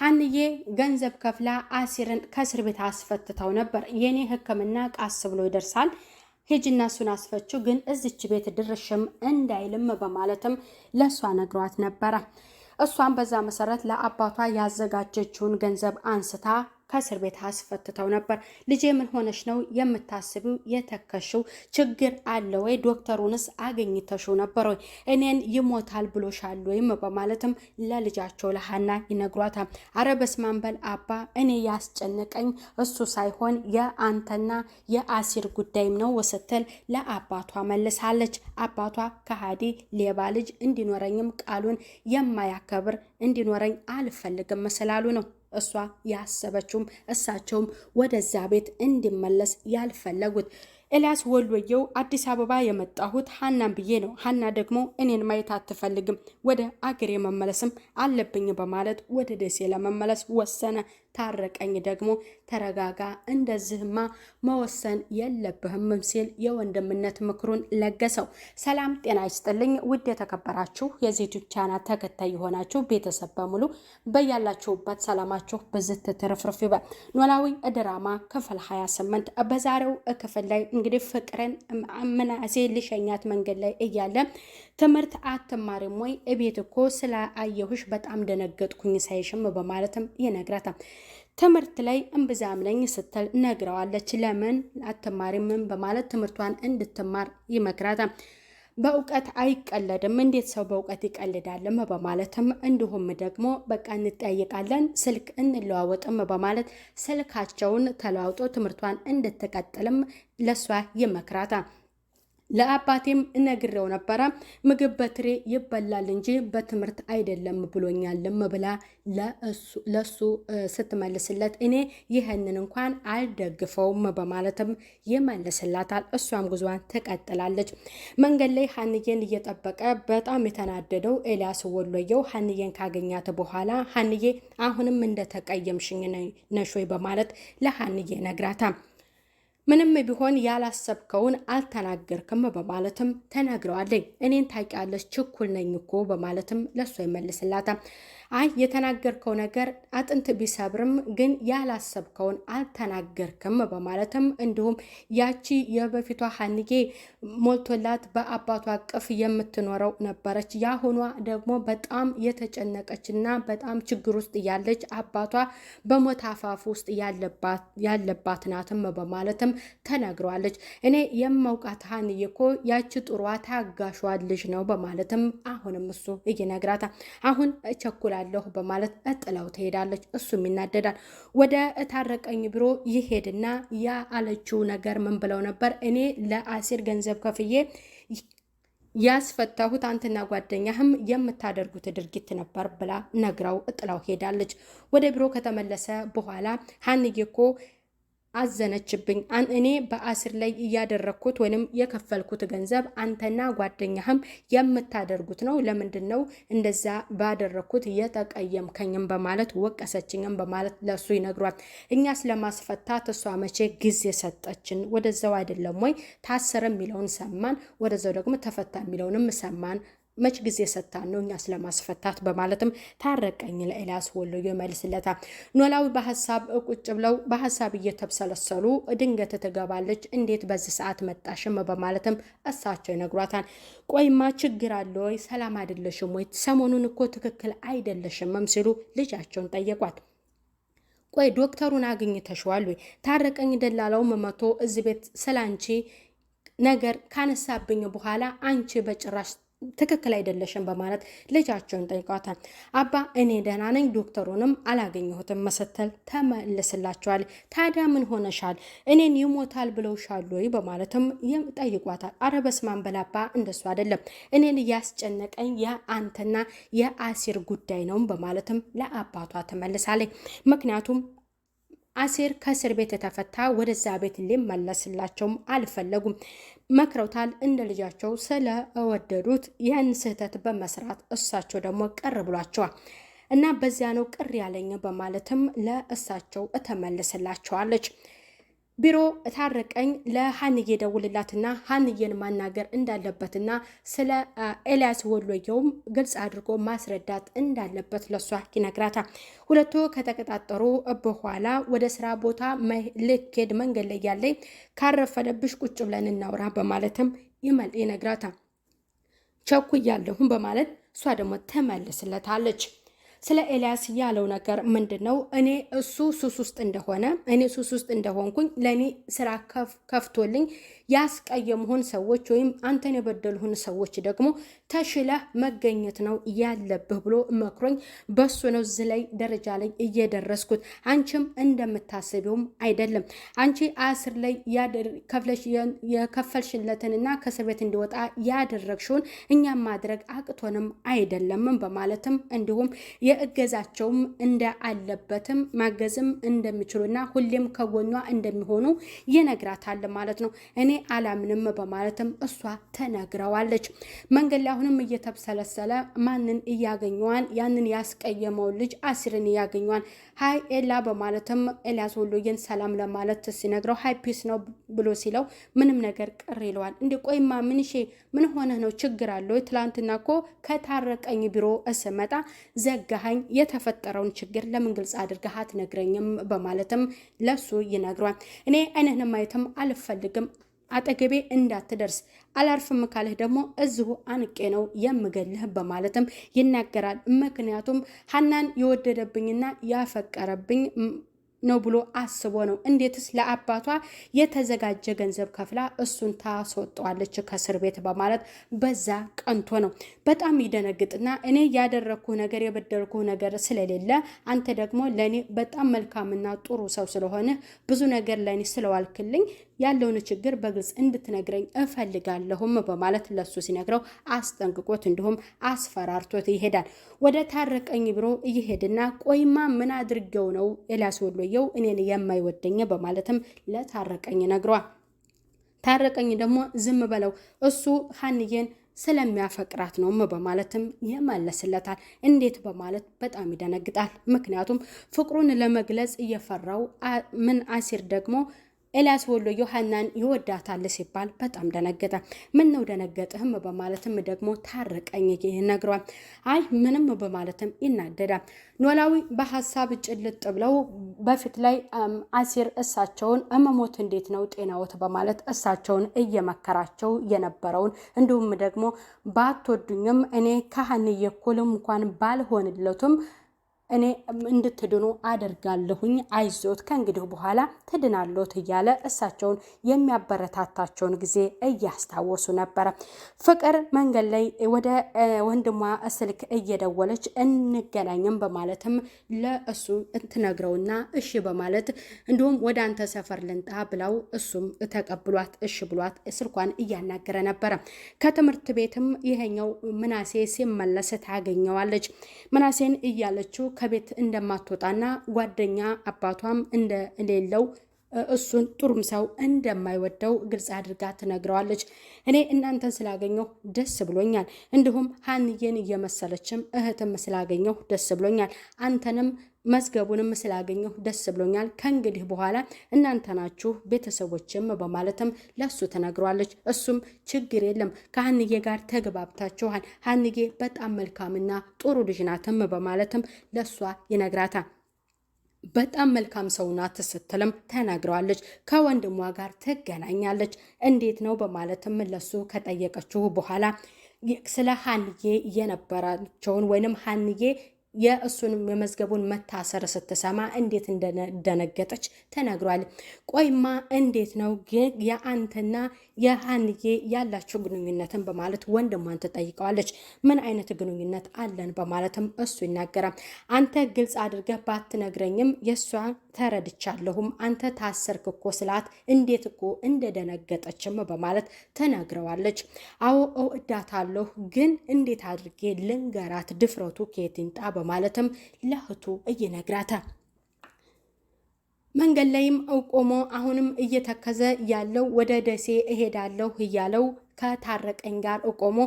ሀንዬ ገንዘብ ከፍላ አሲርን ከእስር ቤት አስፈትተው ነበር። የኔ ሕክምና ቃስ ብሎ ይደርሳል ሂጂና እሱን አስፈችው፣ ግን እዚች ቤት ድርሽም እንዳይልም በማለትም ለእሷ ነግሯት ነበረ። እሷም በዛ መሰረት ለአባቷ ያዘጋጀችውን ገንዘብ አንስታ ከእስር ቤት አስፈትተው ነበር። ልጄ ምን ሆነሽ ነው የምታስቢው? የተከሽው ችግር አለ ወይ? ዶክተሩንስ አገኝተሽው ነበር ወይ? እኔን ይሞታል ብሎሻል ወይም በማለትም ለልጃቸው ለሀና ይነግሯታል። አረ በስመ አብ በል አባ፣ እኔ ያስጨነቀኝ እሱ ሳይሆን የአንተና የአሲር ጉዳይም ነው ስትል ለአባቷ መልሳለች። አባቷ ከሃዲ ሌባ ልጅ እንዲኖረኝም ቃሉን የማያከብር እንዲኖረኝ አልፈልግም ስላሉ ነው። እሷ ያሰበችውም እሳቸውም ወደዚያ ቤት እንዲመለስ ያልፈለጉት። ኤልያስ ወሎየው አዲስ አበባ የመጣሁት ሀናን ብዬ ነው። ሀና ደግሞ እኔን ማየት አትፈልግም፣ ወደ አገሬ መመለስም አለብኝ በማለት ወደ ደሴ ለመመለስ ወሰነ። ታረቀኝ ደግሞ ተረጋጋ፣ እንደዚህማ መወሰን የለብህም ሲል የወንድምነት ምክሩን ለገሰው። ሰላም ጤና ይስጥልኝ ውድ የተከበራችሁ የዚቱ ቻናል ተከታይ የሆናችሁ ቤተሰብ በሙሉ በያላችሁበት ሰላማችሁ ብዝት ትርፍርፍ ይበል። ኖላዊ ድራማ ክፍል 28 በዛሬው ክፍል ላይ እንግዲህ ፍቅርን ምናሴ ልሸኛት መንገድ ላይ እያለ ትምህርት አትማሪም ወይ? እቤት እኮ ስለ አየሁሽ በጣም ደነገጥኩኝ ሳይሽም በማለትም ይነግራታል። ትምህርት ላይ እምብዛም ነኝ ስትል ነግረዋለች። ለምን አትማሪምን በማለት ትምህርቷን እንድትማር ይመክራታል። በእውቀት አይቀለድም፣ እንዴት ሰው በእውቀት ይቀልዳልም? በማለትም እንዲሁም ደግሞ በቃ እንጠያየቃለን፣ ስልክ እንለዋወጥም በማለት ስልካቸውን ተለዋውጦ ትምህርቷን እንድትቀጥልም ለእሷ ይመክራታል። ለአባቴም እነግረው ነበረ። ምግብ በትሬ ይበላል እንጂ በትምህርት አይደለም ብሎኛልም ብላ ለሱ ስትመልስለት እኔ ይህንን እንኳን አልደግፈውም በማለትም ይመልስላታል። እሷም ጉዟን ትቀጥላለች። መንገድ ላይ ሀንዬን እየጠበቀ በጣም የተናደደው ኤልያስ ወሎየው ሀንዬን ካገኛት በኋላ ሀንዬ አሁንም እንደተቀየምሽኝ ነሾይ በማለት ለሀንዬ ነግራታ ምንም ቢሆን ያላሰብከውን አልተናገርክም በማለትም ተናግረዋለኝ። እኔን ታውቂያለሽ፣ ችኩል ነኝ እኮ በማለትም ለእሷ ይመልስላታል። አይ የተናገርከው ነገር አጥንት ቢሰብርም ግን ያላሰብከውን አልተናገርክም በማለትም እንዲሁም ያቺ የበፊቷ ሀንጌ ሞልቶላት በአባቷ እቅፍ የምትኖረው ነበረች። ያሁኗ ደግሞ በጣም የተጨነቀች እና በጣም ችግር ውስጥ ያለች አባቷ በሞት አፋፍ ውስጥ ያለባት ናትም በማለትም ተናግረዋለች። እኔ የማውቃት ሀንዬ እኮ ያቺ ጥሯ ታጋሿ ልጅ ነው በማለትም አሁንም እሱ እየነግራታ አሁን ቸኩላል እሄዳለሁ በማለት እጥለው ትሄዳለች። እሱም ይናደዳል። ወደ እታረቀኝ ቢሮ ይሄድና ያ አለችው ነገር ምን ብለው ነበር? እኔ ለአሲር ገንዘብ ከፍዬ ያስፈታሁት አንተና ጓደኛህም የምታደርጉት ድርጊት ነበር ብላ ነግራው ጥላው ሄዳለች። ወደ ቢሮ ከተመለሰ በኋላ ሀንዬ እኮ አዘነችብኝ። እኔ በአስር ላይ እያደረግኩት ወይም የከፈልኩት ገንዘብ አንተና ጓደኛህም የምታደርጉት ነው። ለምንድን ነው እንደዛ ባደረግኩት የተቀየምከኝም? በማለት ወቀሰችኝም በማለት ለሱ ይነግሯል። እኛስ ለማስፈታት እሷ መቼ ጊዜ ሰጠችን? ወደዛው አይደለም ወይ ታሰረ የሚለውን ሰማን፣ ወደዛው ደግሞ ተፈታ የሚለውንም ሰማን መች ጊዜ ሰታን ነው እኛስ ለማስፈታት በማለትም ታረቀኝ ለኤልያስ ወሎዮ መልስለታል። ኖላዊ በሀሳብ ቁጭ ብለው በሀሳብ እየተብሰለሰሉ ድንገት ትገባለች። እንዴት በዚህ ሰዓት መጣሽም በማለትም እሳቸው ይነግሯታል። ቆይማ ችግር አለ ወይ? ሰላም አይደለሽም ወይ? ሰሞኑን እኮ ትክክል አይደለሽምም ሲሉ ልጃቸውን ጠየቋት። ቆይ ዶክተሩን አግኝተሽዋል ወይ? ታረቀኝ ደላላው መቶ እዚህ ቤት ስላንቺ ነገር ካነሳብኝ በኋላ አንቺ በጭራሽ ትክክል አይደለሽም በማለት ልጃቸውን ጠይቋታል። አባ እኔ ደህና ነኝ፣ ዶክተሩንም አላገኘሁትም መሰተል ተመልስላቸዋል። ታዲያ ምን ሆነሻል? እኔን ይሞታል ብለውሻል ወይ በማለትም ጠይቋታል። አረ በስመ አብ አባ፣ እንደሱ አይደለም እኔን እያስጨነቀኝ የአንተና የአሲር ጉዳይ ነው በማለትም ለአባቷ ትመልሳለች ምክንያቱም አሴር ከእስር ቤት የተፈታ ወደዛ ቤት ሊመለስላቸውም አልፈለጉም። መክረውታል እንደ ልጃቸው ስለወደዱት ይህን ስህተት በመስራት እሳቸው ደግሞ ቅር ብሏቸዋል። እና በዚያ ነው ቅር ያለኝ በማለትም ለእሳቸው እተመልስላቸዋለች። ቢሮ ታረቀኝ ለሀንዬ ደውልላትና ሀንዬን ማናገር እንዳለበትና ስለ ኤልያስ ወሎየውም ግልጽ አድርጎ ማስረዳት እንዳለበት ለሷ ይነግራታል። ሁለቱ ከተቀጣጠሩ በኋላ ወደ ስራ ቦታ ልኬድ መንገድ ላይ ያለኝ ካረፈለብሽ ቁጭ ብለን እናውራ በማለትም ይነግራታል። እያለሁም በማለት እሷ ደግሞ ትመልስለታለች። ስለ ኤልያስ ያለው ነገር ምንድን ነው? እኔ እሱ ሱስ ውስጥ እንደሆነ እኔ ሱስ ውስጥ እንደሆንኩኝ ለእኔ ስራ ከፍቶልኝ ያስቀየሙህን ሰዎች ወይም አንተን የበደሉህን ሰዎች ደግሞ ተሽለህ መገኘት ነው ያለብህ ብሎ መክሮኝ በሱ ነው እዚህ ላይ ደረጃ ላይ እየደረስኩት። አንቺም እንደምታስቢውም አይደለም። አንቺ አስር ላይ የከፈልሽለትንና ከእስር ቤት እንዲወጣ ያደረግሽውን እኛም ማድረግ አቅቶንም አይደለምም በማለትም እንዲሁም የእገዛቸውም እንደ አለበትም ማገዝም እንደሚችሉና ሁሌም ከጎኗ እንደሚሆኑ ይነግራታል ማለት ነው እኔ አላምንም በማለትም እሷ ተናግረዋለች። መንገድ ላይ አሁንም እየተብሰለሰለ ማንን እያገኘዋን ያንን ያስቀየመውን ልጅ አሲርን እያገኘዋን ሀይ ኤላ በማለትም ኤልያስ ወሎዬን ሰላም ለማለት ሲነግረው ሀይ ፒስ ነው ብሎ ሲለው ምንም ነገር ቅር ይለዋል። እንዴ ቆይማ ምንሼ ምን ሆነህ ነው? ችግር አለው? ትላንትና እኮ ከታረቀኝ ቢሮ እስመጣ ዘጋሃኝ። የተፈጠረውን ችግር ለምን ግልጽ አድርገህ አትነግረኝም? በማለትም ለሱ ይነግሯል። እኔ አይነህን ማየትም አልፈልግም አጠገቤ እንዳትደርስ አላርፍም ካልህ ደግሞ እዚሁ አንቄ ነው የምገልህ በማለትም ይናገራል። ምክንያቱም ሀናን የወደደብኝና ያፈቀረብኝ ነው ብሎ አስቦ ነው። እንዴትስ ለአባቷ የተዘጋጀ ገንዘብ ከፍላ እሱን ታስወጠዋለች ከእስር ቤት በማለት በዛ ቀንቶ ነው። በጣም ይደነግጥና እኔ ያደረግኩህ ነገር የበደልኩህ ነገር ስለሌለ አንተ ደግሞ ለእኔ በጣም መልካምና ጥሩ ሰው ስለሆነ ብዙ ነገር ለእኔ ስለዋልክልኝ ያለውን ችግር በግልጽ እንድትነግረኝ እፈልጋለሁም በማለት ለሱ ሲነግረው አስጠንቅቆት እንዲሁም አስፈራርቶት ይሄዳል። ወደ ታረቀኝ ብሮ እየሄድና ቆይማ ምን አድርገው ነው ኤልያስ ወሎየው እኔን የማይወደኝ በማለትም ለታረቀኝ ነግሯል። ታረቀኝ ደግሞ ዝም በለው እሱ ሀንዬን ስለሚያፈቅራት ነው በማለትም ይመለስለታል። እንዴት በማለት በጣም ይደነግጣል። ምክንያቱም ፍቅሩን ለመግለጽ እየፈራው ምን አሲር ደግሞ ኤልያስ ወሎ ዮሐናን ይወዳታል ሲባል በጣም ደነገጠ። ምን ነው ደነገጥህም? በማለትም ደግሞ ታርቀኝ ይነግሯል። አይ ምንም በማለትም ይናደዳል። ኖላዊ በሀሳብ ጭልጥ ብለው በፊት ላይ አሲር እሳቸውን እመሞት እንዴት ነው ጤናዎት በማለት እሳቸውን እየመከራቸው የነበረውን እንዲሁም ደግሞ ባትወዱኝም እኔ ካህን እኩል እንኳን ባልሆንለቱም እኔ እንድትድኑ አደርጋለሁኝ፣ አይዞት ከእንግዲህ በኋላ ትድናለት እያለ እሳቸውን የሚያበረታታቸውን ጊዜ እያስታወሱ ነበረ። ፍቅር መንገድ ላይ ወደ ወንድሟ ስልክ እየደወለች እንገናኝም በማለትም ለእሱ ትነግረውና እሺ በማለት እንዲሁም ወደ አንተ ሰፈር ልንጣ ብለው እሱም ተቀብሏት እሺ ብሏት ስልኳን እያናገረ ነበረ። ከትምህርት ቤትም ይሄኛው ምናሴ ሲመለስ ታገኘዋለች። ምናሴን እያለችው ከቤት እንደማትወጣና ጓደኛ አባቷም እንደሌለው እሱን ጥሩም ሰው እንደማይወደው ግልጽ አድርጋ ትነግረዋለች። እኔ እናንተን ስላገኘሁ ደስ ብሎኛል፣ እንዲሁም ሀንዬን እየመሰለችም እህትም ስላገኘሁ ደስ ብሎኛል፣ አንተንም መዝገቡንም ስላገኘሁ ደስ ብሎኛል። ከእንግዲህ በኋላ እናንተ ናችሁ ቤተሰቦችም በማለትም ለሱ ተናግሯለች። እሱም ችግር የለም ከሀንዬ ጋር ተግባብታችኋል፣ ሀንዬ በጣም መልካምና ጥሩ ልጅ ናትም በማለትም ለሷ ይነግራታል። በጣም መልካም ሰው ናት ስትልም ተናግረዋለች። ከወንድሟ ጋር ትገናኛለች። እንዴት ነው በማለትም ለሱ ከጠየቀችው በኋላ ስለ ሀንዬ የነበራቸውን ወይንም ሀንዬ የእሱን የመዝገቡን መታሰር ስትሰማ እንዴት እንደደነገጠች ተነግሯል። ቆይማ እንዴት ነው ግን የአንተና የሀንዬ ያላቸው ግንኙነትን በማለት ወንድሟን ትጠይቀዋለች። ምን አይነት ግንኙነት አለን በማለትም እሱ ይናገራል። አንተ ግልጽ አድርገህ ባትነግረኝም የእሷ ተረድቻለሁም አንተ ታሰርክ እኮ ስላት እንዴት እኮ እንደደነገጠችም በማለት ተናግረዋለች። አዎ እወዳታለሁ፣ ግን እንዴት አድርጌ ልንገራት ድፍረቱ ከየት ይምጣ በማለትም ለእህቱ እይነግራታል። መንገድ ላይም ቆሞ አሁንም እየተከዘ ያለው ወደ ደሴ እሄዳለሁ እያለው ከታረቀኝ ጋር ቆሞ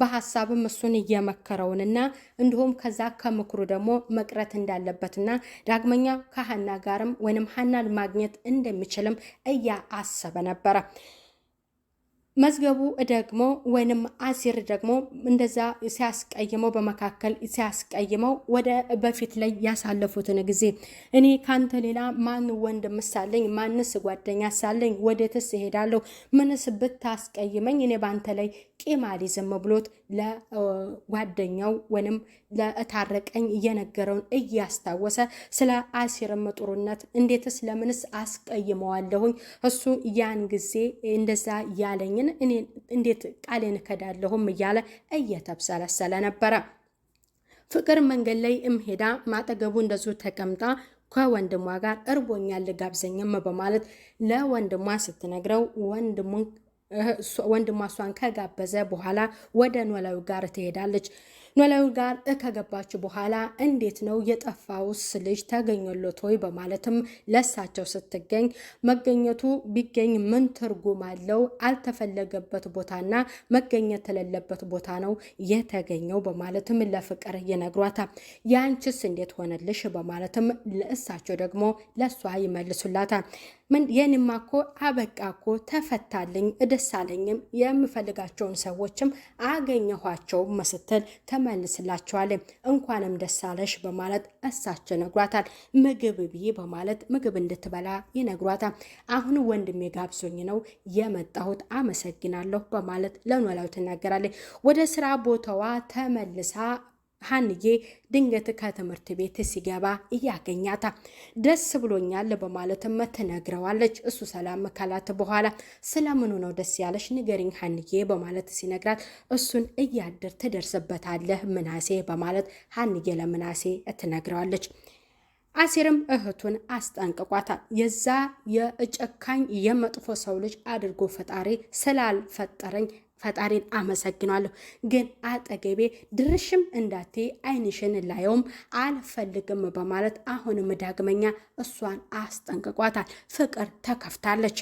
በሀሳብም እሱን እየመከረውንና እንዲሁም ከዛ ከምክሩ ደግሞ መቅረት እንዳለበትና ዳግመኛ ከሀና ጋርም ወይንም ሀናን ማግኘት እንደሚችልም አሰበ ነበረ። መዝገቡ ደግሞ ወይንም አሲር ደግሞ እንደዛ ሲያስቀይመው በመካከል ሲያስቀይመው ወደ በፊት ላይ ያሳለፉትን ጊዜ እኔ ካንተ ሌላ ማን ወንድም ሳለኝ? ማንስ ጓደኛ ሳለኝ? ወዴትስ እሄዳለሁ? ምንስ ብታስቀይመኝ እኔ ባንተ ላይ ቂም አልይዝም ብሎት ለጓደኛው ወይንም ለእታረቀኝ እየነገረውን እያስታወሰ ስለ አሲርም ጥሩነት እንዴትስ ለምንስ አስቀይመዋለሁኝ እሱ ያን ጊዜ እንደዛ ያለኝን ግን እኔ እንዴት ቃሌን እከዳለሁም እያለ እየተብሰለሰለ ነበረ። ፍቅር መንገድ ላይ እምሄዳ ማጠገቡ እንደዙ ተቀምጣ ከወንድሟ ጋር እርቦኛል ጋብዘኝም በማለት ለወንድሟ ስትነግረው ወንድሟ እሷን ከጋበዘ በኋላ ወደ ኖላዊ ጋር ትሄዳለች። ኖላዊ ጋር ከገባች በኋላ እንዴት ነው የጠፋውስ ልጅ ተገኘሎት ወይ በማለትም ለሳቸው ስትገኝ መገኘቱ ቢገኝ ምን ትርጉም አለው? አልተፈለገበት ቦታና መገኘት ተለለበት ቦታ ነው የተገኘው በማለትም ለፍቅር ይነግሯታል። ያንቺስ እንዴት ሆነልሽ? በማለትም ለእሳቸው ደግሞ ለእሷ ይመልሱላታል። ምን የኔማ እኮ አበቃ እኮ ተፈታልኝ፣ ደስ የምፈልጋቸውን ሰዎችም አገኘኋቸው መስትል ይመልስላቸዋል። እንኳንም ደስ አለሽ በማለት እሳቸው ነግሯታል። ምግብ ብዬ በማለት ምግብ እንድትበላ ይነግሯታል። አሁን ወንድሜ ጋብዞኝ ነው የመጣሁት አመሰግናለሁ በማለት ለኖላዊ ትናገራለች። ወደ ስራ ቦታዋ ተመልሳ ሀንዬ ድንገት ከትምህርት ቤት ሲገባ እያገኛታ ደስ ብሎኛል በማለትም ትነግረዋለች። እሱ ሰላም ካላት በኋላ ስለምኑ ነው ደስ ያለሽ ንገሪኝ ሀንዬ በማለት ሲነግራት እሱን እያድር ትደርስበታለህ ምናሴ በማለት ሀንዬ ለምናሴ ትነግረዋለች። አሴርም እህቱን አስጠንቅቋታል። የዛ የጨካኝ የመጥፎ ሰው ልጅ አድርጎ ፈጣሪ ስላልፈጠረኝ ፈጣሪን አመሰግናለሁ። ግን አጠገቤ ድርሽም እንዳትይ አይንሽን ላየውም አልፈልግም በማለት አሁንም ዳግመኛ እሷን አስጠንቅቋታል። ፍቅር ተከፍታለች።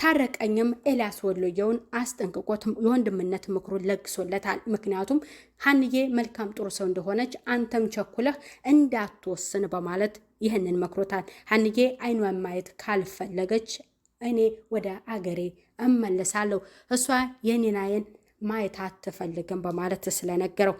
ታረቀኝም ኤልያስ ወሎየውን አስጠንቅቆት የወንድምነት ምክሩን ለግሶለታል። ምክንያቱም ሀንዬ መልካም ጥሩ ሰው እንደሆነች አንተም ቸኩለህ እንዳትወስን በማለት ይህንን መክሮታል። ሀንዬ አይኗን ማየት ካልፈለገች እኔ ወደ አገሬ እመለሳለሁ፣ እሷ የኔናዬን ማየት አትፈልግም በማለት ስለነገረው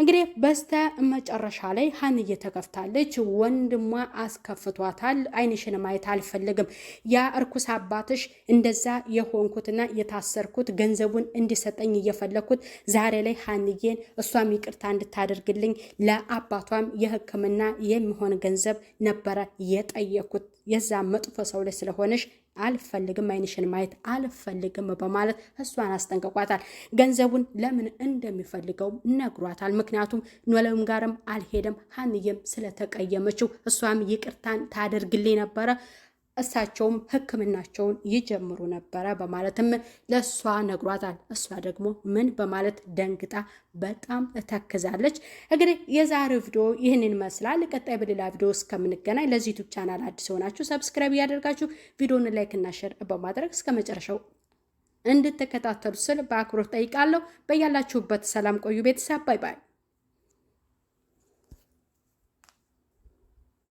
እንግዲህ በስተ መጨረሻ ላይ ሀንዬ ተከፍታለች። ወንድሟ አስከፍቷታል። አይንሽን ማየት አልፈልግም። ያ እርኩስ አባትሽ እንደዛ የሆንኩትና የታሰርኩት ገንዘቡን እንዲሰጠኝ እየፈለግኩት ዛሬ ላይ ሀንዬን እሷም ይቅርታ እንድታደርግልኝ ለአባቷም የሕክምና የሚሆን ገንዘብ ነበረ የጠየኩት የዛ መጥፎ ሰው ላይ ስለሆነሽ አልፈልግም፣ አይንሽን ማየት አልፈልግም በማለት እሷን አስጠንቅቋታል። ገንዘቡን ለምን እንደሚፈልገው ነግሯታል። ምክንያቱም ኖለም ጋርም አልሄደም፣ ሀንዬም ስለተቀየመችው እሷም ይቅርታን ታደርግልኝ ነበረ እሳቸውም ሕክምናቸውን ይጀምሩ ነበረ በማለትም ለእሷ ነግሯታል። እሷ ደግሞ ምን በማለት ደንግጣ በጣም ተክዛለች። እንግዲህ የዛሬው ቪዲዮ ይህንን ይመስላል። ቀጣይ በሌላ ቪዲዮ እስከምንገናኝ ለዚህ ዩቱብ ቻናል አዲስ ሆናችሁ ሰብስክራይብ እያደርጋችሁ ቪዲዮን ላይክ እና ሸር በማድረግ እስከ መጨረሻው እንድትከታተሉ ስል በአክብሮት ጠይቃለሁ። በያላችሁበት ሰላም ቆዩ ቤተሰብ። ባይ ባይ።